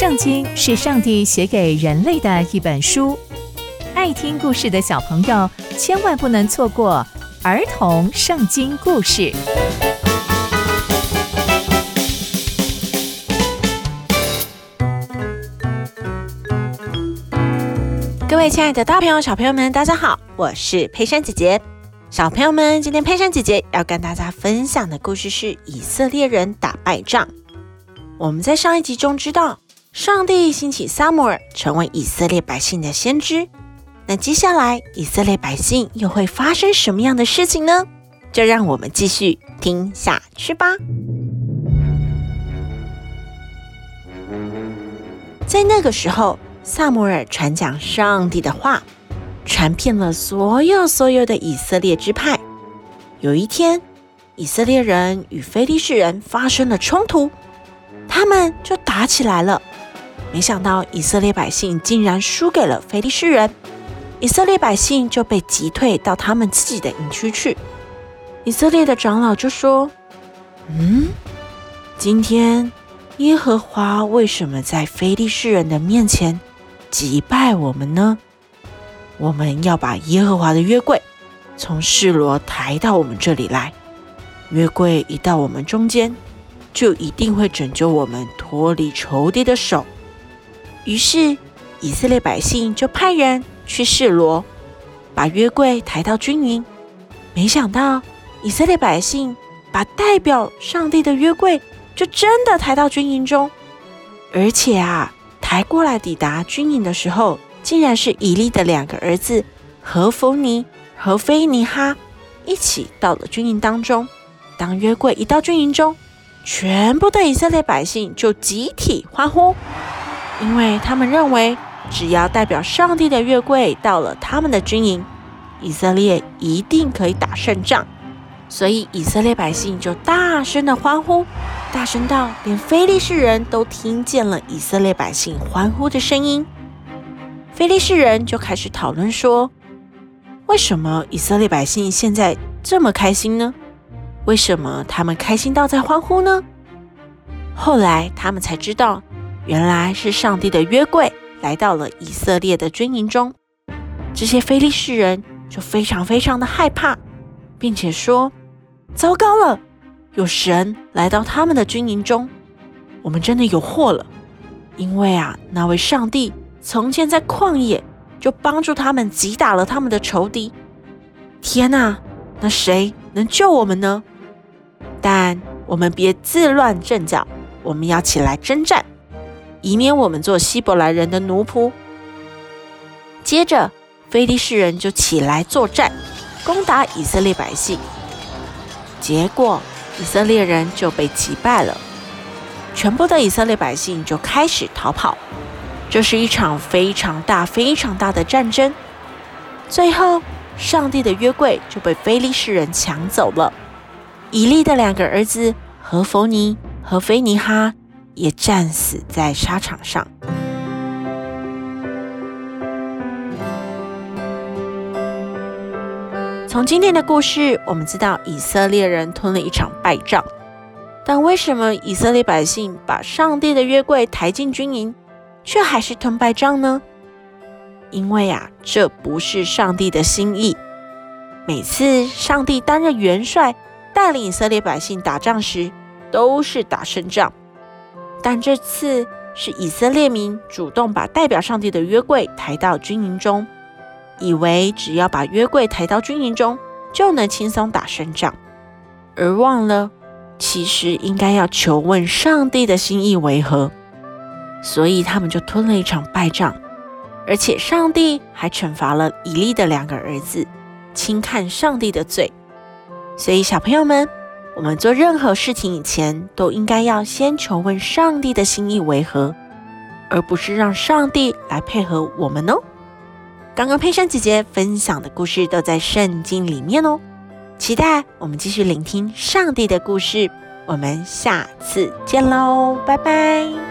聖經是上帝寫給人類的一本書。愛聽故事的小朋友，千萬不能錯過兒童聖經故事。各位親愛的大朋友、小朋友們，大家好，我是佩珊姐姐。小朋友們，今天佩珊姐姐要跟大家分享的故事是以色列人打敗仗。我們在上一集中知道，上帝興起撒母耳，成為以色列百姓的先知。那接下來以色列百姓又會發生什麼樣的事情呢？就讓我們繼續聽下去吧。在那個時候，撒母耳傳講上帝的話，傳遍了所有所有的以色列支派。有一天，以色列人與非利士人發生了衝突，他們就打起來了。沒想到以色列百姓竟然輸給了非利士人，以色列百姓就被擊退到他們自己的營區去。以色列的長老就說：“嗯，今天耶和華為什麼在非利士人的面前擊敗我們呢？我們要把耶和華的約櫃從示羅抬到我們這裡來。約櫃一到我們中間，就一定會拯救我們脫離仇敵的手。”於是，以色列百姓就派人去示羅，把約櫃抬到軍營。沒想到，以色列百姓把代表上帝的約櫃，就真的抬到軍營中。而且啊，抬過來抵達軍營的時候，竟然是以利的兩個兒子何弗尼和非尼哈一起到了軍營當中。當約櫃一到軍營中，全部的以色列百姓就集體歡呼。因為他們認為，只要代表上帝的約櫃到了他們的軍營，以色列一定可以打勝仗，所以以色列百姓就大聲的歡呼，大聲到連非利士人都聽見了以色列百姓歡呼的聲音。非利士人就開始討論說，為什麼以色列百姓現在這麼開心呢？為什麼他們開心到在歡呼呢？後來他們才知道。原來是上帝的約櫃來到了以色列的軍營中，這些非利士人就非常非常的害怕，並且說：“糟糕了，有神來到他們的軍營中，我們真的有禍了。因為啊，那位上帝從前在曠野就幫助他們擊打了他們的仇敵。天哪，那誰能救我們呢？但我們別自亂陣腳，我們要起來征戰。”以免我們做希伯來人的奴僕。接着，非利士人就起來作戰，攻打以色列百姓。結果，以色列人就被擊敗了。全部的以色列百姓就開始逃跑。這是一場非常大、非常大的戰爭。最後，上帝的約櫃就被非利士人搶走了。以利的兩個兒子何弗尼和非尼哈。也戰死在沙場上。從今天的故事，我們知道以色列人吞了一場敗仗。但為什麼以色列百姓把上帝的約櫃抬進軍營，卻還是吞敗仗呢？因為啊，這不是上帝的心意。每次上帝擔任元帥，帶領以色列百姓打仗時，都是打勝仗。但這次是以色列民主動把代表上帝的約櫃抬到軍營中，以為只要把約櫃抬到軍營中就能輕鬆打勝仗，而忘了其實應該要求問上帝的心意為何，所以他們就吞了一場敗仗，而且上帝還懲罰了以利的兩個兒子，輕看上帝的罪，所以小朋友們。我們做任何事情以前，都應該要先求問上帝的心意為何，而不是讓上帝來配合我們哦。剛剛佩珊姐姐分享的故事都在聖經裡面哦，期待我們繼續聆聽上帝的故事。我們下次見嘍，拜拜。